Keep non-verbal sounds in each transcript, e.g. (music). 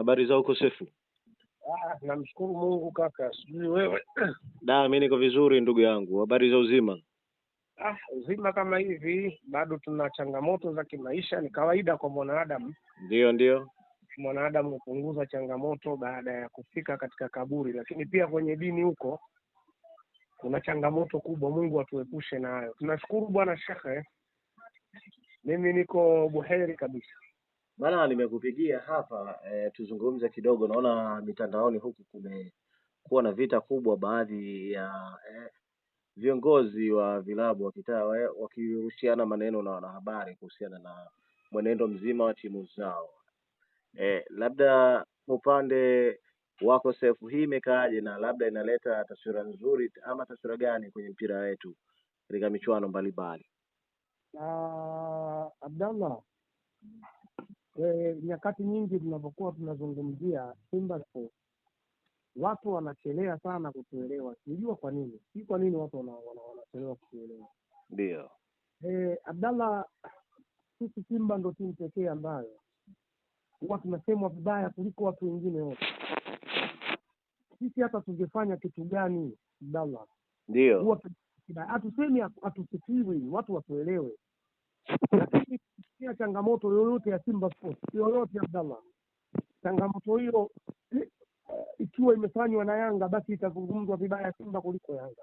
habari za ukosefu Sefu? Ah, namshukuru Mungu kaka, sijui wewe. (clears throat) Da, mi niko vizuri ndugu yangu, habari za uzima? Ah, uzima kama hivi, bado tuna changamoto za kimaisha, ni kawaida kwa mwanadamu. ndio ndio mwanadamu hupunguza changamoto baada ya kufika katika kaburi, lakini pia kwenye dini huko kuna changamoto kubwa. Mungu atuepushe nayo. Tunashukuru bwana shekhe, mimi niko buheri kabisa. Bana, nimekupigia hapa e, tuzungumze kidogo. Naona mitandaoni huku kumekuwa na vita kubwa, baadhi ya e, viongozi wa vilabu wa kitaa e, eh, wakirushiana maneno na wanahabari kuhusiana na mwenendo mzima wa timu zao. E, labda upande wako sefu hii imekaaje, na labda inaleta taswira nzuri ama taswira gani kwenye mpira wetu katika michuano mbalimbali? Ah, Abdallah e, nyakati nyingi tunavyokuwa tunazungumzia Simba Sports watu wanachelea sana kutuelewa, sijua kwa nini, si kwa nini watu wanachelewa kutuelewa. Ndio e, Abdallah, sisi Simba ndo timu pekee ambayo huwa tunasemwa vibaya kuliko watu wengine wote. Sisi hata tungefanya kitu gani, Abdallah, ndio hatusemi, hatusifiwi, watu watuelewe lakini ia changamoto yoyote ya Simba Sports yoyote Abdallah, changamoto hiyo eh, ikiwa imefanywa na Yanga basi itazungumzwa vibaya Simba kuliko Yanga.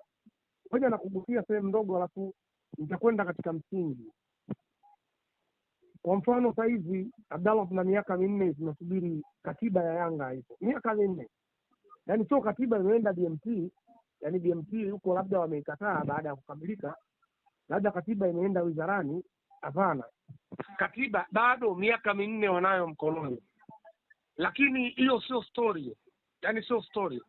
Moja na kugusia sehemu ndogo, halafu nitakwenda katika msingi. Kwa mfano saa hizi Abdallah, tuna miaka minne tunasubiri katiba ya Yanga hivo, miaka minne, yani sio katiba imeenda DMT, yani DMT huko labda wameikataa baada ya kukamilika, labda katiba imeenda wizarani Hapana, katiba bado miaka minne wanayo mkononi, lakini hiyo sio stori, yani sio stori.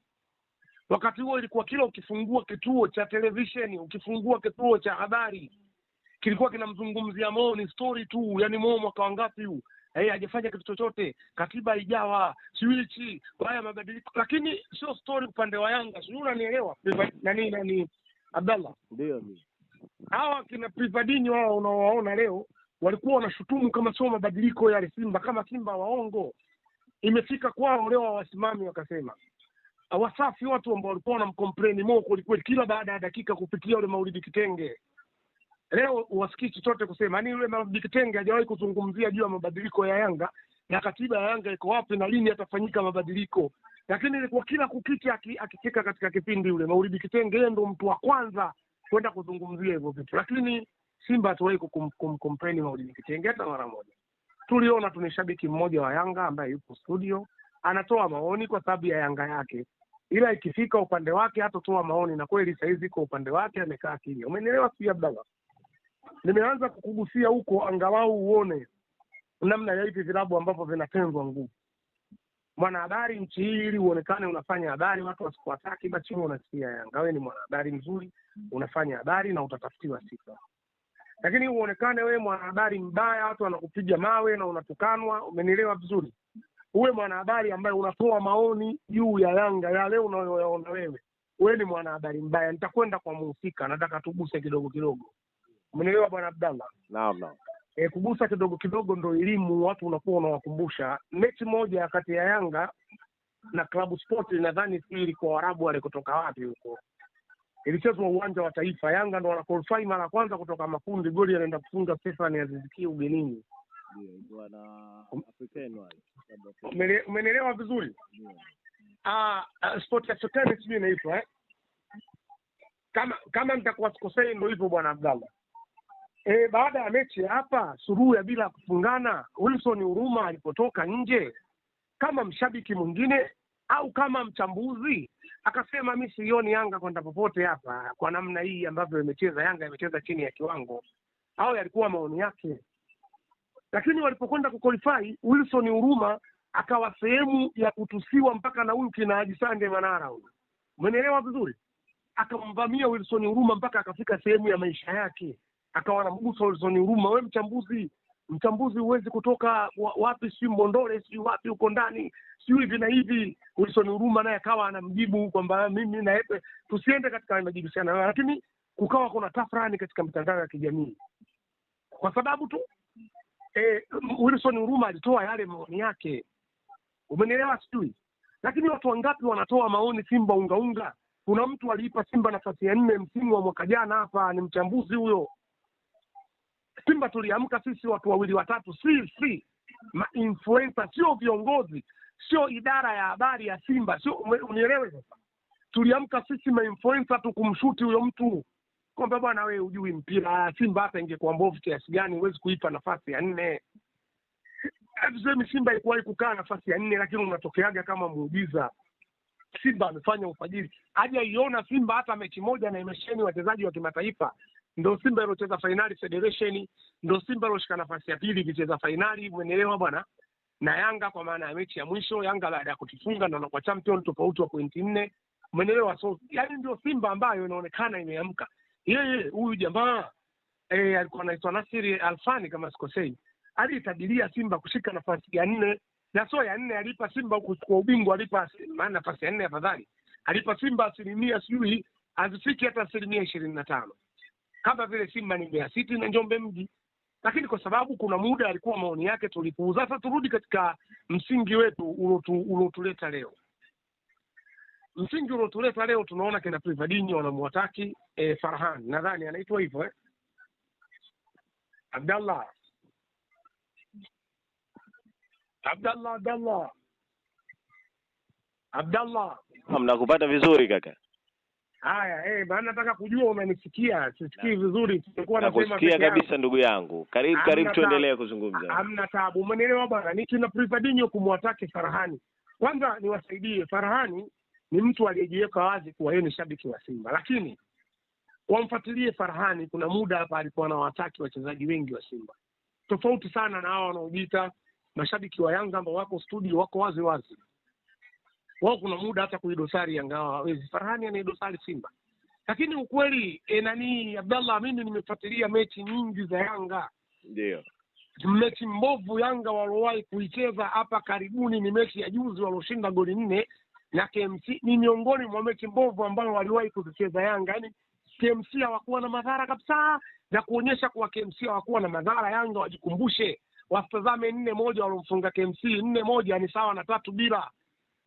Wakati huo ilikuwa kila ukifungua kituo cha televisheni, ukifungua kituo cha habari kilikuwa kinamzungumzia Mo, ni stori tu, yani Mo mwaka wangapi huu Hey, hajafanya kitu chochote, katiba ijawa siwichi haya mabadiliko, lakini sio stori upande wa Yanga, sijui unanielewa nani nani, Abdallah? Ndio, hawa kina Privadini wao unaowaona leo walikuwa wanashutumu kama sio mabadiliko yale Simba, kama Simba waongo. Imefika kwao leo hawasimami, wakasema Wasafi, watu ambao walikuwa wanamcomplain Mo kwelikweli, kila baada ya dakika kufikia yule Maulidi Kitenge, leo wasikii chochote kusema. Yaani yule Maulidi Kitenge hajawahi kuzungumzia juu ya mabadiliko ya Yanga na katiba ya Yanga iko wapi na lini yatafanyika mabadiliko, lakini ilikuwa kila kukicha akicheka katika kipindi yule Maulidi Kitenge, yeye ndo mtu wa kwanza kwenda kuzungumzia hivyo vitu, lakini Simba hatuwahi kukompeni Maulidi Kitenge hata mara moja. Tuliona ni shabiki mmoja wa Yanga ambaye yupo studio anatoa maoni kwa sababu ya Yanga yake, ila ikifika upande wake hatotoa maoni, na kweli sahizi iko upande wake, amekaa kimya. Umenielewa? Sijui Abdallah, nimeanza kukugusia huko angalau uone namna ya hivi vilabu ambavyo vinatengwa nguvu mwanahabari nchi hii, ili uonekane unafanya habari, watu wasikuwataki, basi wewe unasikia Yanga, wewe ni mwanahabari mzuri, unafanya habari na utatafutiwa sifa. Lakini uonekane wewe mwanahabari mbaya, watu wanakupiga mawe na unatukanwa. Umenielewa vizuri? Uwe mwanahabari ambaye unatoa maoni juu ya Yanga yale unayoyaona wewe, wewe ni mwanahabari mbaya. Nitakwenda kwa muhusika, nataka tuguse kidogo kidogo. Umenielewa bwana Abdallah? Naam, naam e, kugusa kidogo kidogo ndo elimu, watu unakuwa unawakumbusha. Mechi moja kati ya Yanga na Klabu Sport nadhani sijui ilikuwa Waarabu wale kutoka wapi huko, ilichezwa uwanja wa Taifa. Yanga ndo wanakolfai mara ya kwanza kutoka makundi, goli anaenda kufunga Stefani Aziziki ugenini. Um, umenielewa vizuri? Ah, ah, Sport African sijui inaitwa eh? kama kama nitakuwa sikosei, ndo hivyo bwana Abdallah E, baada ya mechi hapa suruhu ya bila kufungana, Wilson Huruma alipotoka nje kama mshabiki mwingine au kama mchambuzi akasema, mi sioni Yanga kwenda popote hapa kwa namna hii ambavyo imecheza Yanga, imecheza chini ya kiwango. Hayo yalikuwa maoni yake, lakini walipokwenda kuqualify Wilson Huruma akawa sehemu ya kutusiwa mpaka na huyu kina Ajisande Manara, huyu umenielewa vizuri, akamvamia Wilson Huruma mpaka akafika sehemu ya maisha yake akawa na mguso Olzoni Huruma. Wewe mchambuzi, mchambuzi huwezi kutoka wapi, sijui Mbondole, sijui wapi huko ndani, sijui hivi na hivi. Wilson Huruma naye akawa anamjibu kwamba mimi na yeye tusiende katika majibishano, lakini kukawa kuna tafrani katika mitandao ya kijamii kwa sababu tu eh, Wilson Huruma alitoa yale maoni yake, umenielewa? Sijui lakini watu wangapi wanatoa maoni Simba ungaunga unga. Kuna mtu aliipa Simba nafasi ya nne msimu wa mwaka jana hapa, ni mchambuzi huyo Simba tuliamka sisi watu wawili watatu, sisi mainfluensa, sio viongozi, sio idara ya habari ya Simba, sio unielewe. Sasa tuliamka sisi mainfluensa tukumshuti huyo mtu kwamba bwana, wewe hujui mpira. Ah, Simba hata ingekuwa mbovu kiasi gani, huwezi kuipa nafasi ya nne. Hatusemi Simba ikuwahi kukaa nafasi ya nne, lakini unatokeaga kama muujiza. Simba amefanya ufajiri, hajaiona Simba hata mechi moja na imesheni wachezaji wa kimataifa ndo Simba iliocheza fainali Federation, ndo Simba ilioshika nafasi ya pili ikicheza fainali, umeelewa bwana, na Yanga kwa maana ya mechi ya mwisho. Yanga baada ya kutufunga ndo anakuwa champion, tofauti wa pointi nne, umeelewa? So yani ndio Simba ambayo inaonekana imeamka. Yeye huyu jamaa e, alikuwa anaitwa Nasiri Alfani kama sikosei, aliitabiria Simba kushika nafasi ya nne na so ya nne alipa Simba kuchukua ubingwa, alipa maana nafasi ya nne afadhali alipa Simba asilimia sijui hazifiki hata asilimia ishirini na tano kama vile Simba ni Mbeya City na Njombe Mji, lakini kwa sababu kuna muda alikuwa maoni yake tulipuuza. Sasa turudi katika msingi wetu uliotuleta leo. Msingi uliotuleta leo, tunaona kina Privadini wanamwataki e, Farhan nadhani anaitwa hivyo eh? Abdallah Abdallah Abdallah Abdallah, mnakupata vizuri kaka Haya, eh, bana, nataka kujua umenisikia, sisikii vizuri. na nasema kabisa, ndugu yangu. Karibu karibu, tuendelee kuzungumza. Hamna taabu, Umenielewa bana. Ni tuna Privadinho kumwatake Farahani. Kwanza niwasaidie, Farahani ni mtu aliyejiweka wazi kuwa yeye ni shabiki wa Simba, lakini wamfuatilie Farahani. Kuna muda hapa alikuwa anawataki wachezaji wengi wa Simba, tofauti sana na hao wanaojiita mashabiki wa Yanga ambao wako studio, wako wazi wazi wao kuna muda hata kuidosari yangawa hawezi Farhani anaidosari Simba, lakini ukweli e, nani Abdallah, mimi nimefuatilia mechi nyingi za Yanga. Ndio mechi mbovu Yanga waliowahi kuicheza hapa karibuni ni mechi ya juzi walioshinda goli nne na KMC. Ni miongoni mwa mechi mbovu ambayo waliwahi kuzicheza Yanga, yaani KMC hawakuwa na madhara kabisa, na kuonyesha kuwa KMC hawakuwa na madhara. Yanga wajikumbushe, watazame nne moja waliomfunga KMC. Nne moja ni sawa na tatu bila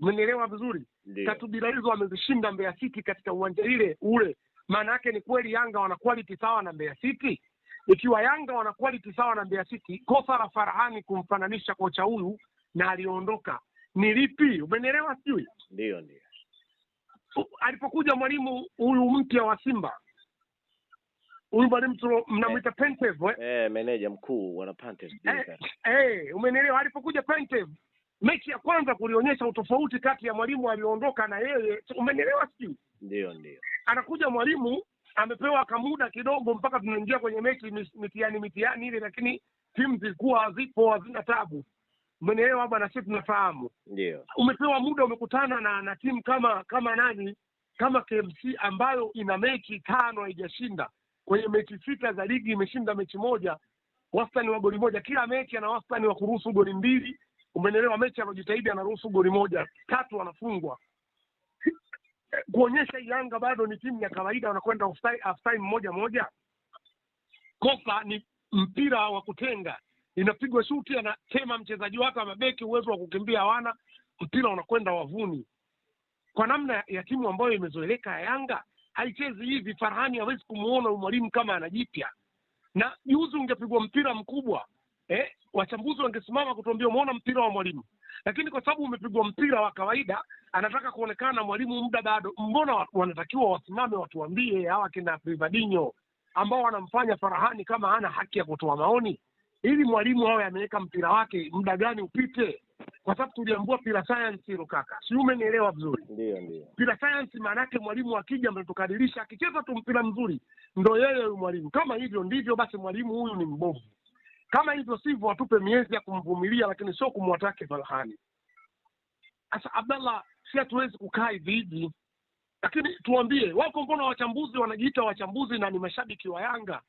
mnielewa vizuri? Tatu bila hizo wamezishinda Mbeya City katika uwanja ile ule. Maana yake ni kweli Yanga wana quality sawa na Mbeya City. Ikiwa Yanga wana quality sawa na Mbeya City, kosa la Farhani kumfananisha kocha huyu na aliondoka ni lipi? Umenielewa? Sijui ndio ndio alipokuja mwalimu huyu mpya wa Simba huyu mwalimu mnamwita eh. Pentev eh, eh meneja mkuu wana Pentev eh, eh, umenielewa? Alipokuja Pentev mechi ya kwanza kulionyesha utofauti kati ya mwalimu aliyoondoka na yeye. Umenielewa? Sijui ndio ndio, anakuja mwalimu amepewa kamuda kidogo, mpaka tunaingia kwenye mechi mitihani mitihani ile, lakini timu zilikuwa hazipo, hazina tabu. Umenielewa bwana? Sisi tunafahamu ndio, umepewa muda, umekutana na na timu kama kama nani kama KMC ambayo ina mechi tano haijashinda kwenye mechi sita za ligi imeshinda mechi moja, wastani wa goli moja kila mechi, ana wastani wa kuruhusu goli mbili Umenelewa? Mechi anajitahidi anaruhusu goli moja, tatu anafungwa, (laughs) kuonyesha Yanga bado ni timu ya kawaida, wanakwenda half time moja moja. Kosa ni mpira wa kutenga, inapigwa shuti, anatema mchezaji wake wa mabeki, uwezo wa kukimbia hawana, mpira unakwenda wavuni. Kwa namna ya timu ambayo imezoeleka ya Yanga haichezi hivi. Farhani hawezi kumuona mwalimu kama anajipya, na juzi ungepigwa mpira mkubwa eh, wachambuzi wangesimama kutuambia umeona mpira wa mwalimu, lakini kwa sababu umepigwa mpira wa kawaida, anataka kuonekana mwalimu muda bado. Mbona wanatakiwa wasimame watuambie hawa kina Rivadinho ambao wanamfanya Farahani kama hana haki ya kutoa maoni, ili mwalimu awe ameweka mpira wake muda gani upite, kwa sababu tuliambua pila sayansi hilo kaka, si umenielewa vizuri? Ndio, ndio. Pila sayansi. maana yake mwalimu akija mnatukadirisha, akicheza tu mpira mzuri ndo yeye huyu mwalimu. Kama hivyo ndivyo, basi mwalimu huyu ni mbovu. Kama hivyo sivyo, watupe miezi ya kumvumilia, lakini sio kumwatake Farhani. Sasa Abdallah, si hatuwezi kukaa hivi hivi, lakini tuambie wako. Mbona wachambuzi wanajiita wachambuzi na ni mashabiki wa Yanga?